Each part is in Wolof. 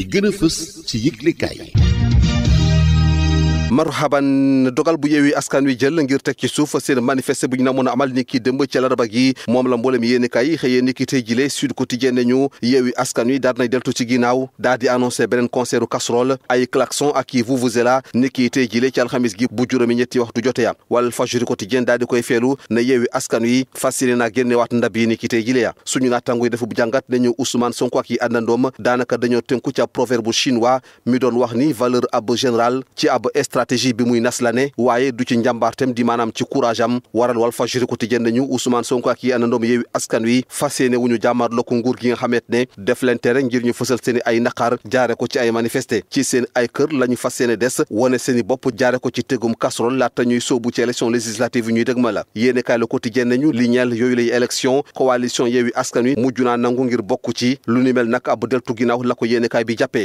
yi gën a fës ci yëglekaay yi marhaban dogal bu yeewi askan wi jël ngir teg ci suuf seen manifeste bu ñu namoon a amal ni ki démb ci laraba gi moom la mboolem yéeni kay xëyee ni ki tey jile Sud Quotidien nañu yeewi askan wi daal nay deltu ci ginnaaw ay klaxon ak i vuvuzela ni ki tey jile ci alxamis gi bu juróomi ñetti waxtu jote ya Walf Fadjri Quotidien daal di koy feelu ne yeewi askan wi fasile naa génnewaat ndab yi ni ki tey jile ya suñu naattango yi dafa bu jàngat nañu Ousmane stratégie bi i ay naqar jaare ko ci ay manifesté ci seen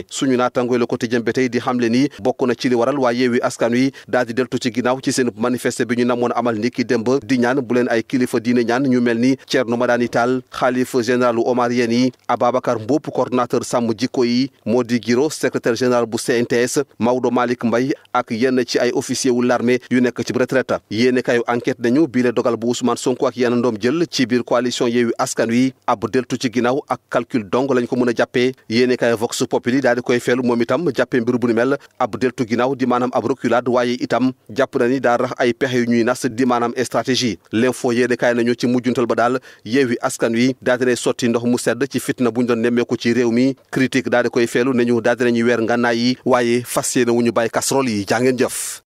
suñu naatangoy le quotidien ba di xamle ni bokk na ci li waa yeewi askan wi daal di deltu ci ginnaaw ci seen manifeste bi ñu namoon amal ni ki démb di ñaan bu leen ay kilifa diine ñaan ñu mel ni Thierno Madani Tall xaalif général omarien yi Ababacar Mboup coordonnateur sàmm jikko yi Mody Guiro secrétaire général bu CNTS Maodo Malick Mbaye ak yenn ci ay officier wu l'armée yu nekk ci retraite yéene kayu enquête nañu bile dogal bu Ousmane Sonko ak yenn ndoom jël ci biir coalition Yewwi Askan Wi ab deltu ci ginnaaw ak calcul lañ ko mën a jàppee yéene kayu Vox Populi daal di koy moom itam jàppee mbir bu ni mel ab acculade waaye itam jàpp na ni daa rax ay pexe yu ñuy nas di maanaam stratégie l'info yéene kaay nañu ci mujjuntal ba daal yeewi askan wi daa dinay sotti ndox mu sedd ci fitna buñ doon nemmeeku ci réew mi critique daa di koy feelu nañu daa dinañuy weer ngànnaay yi waaye fas yéene wu ñu bàyyi casserole yi jaa ngeen jëf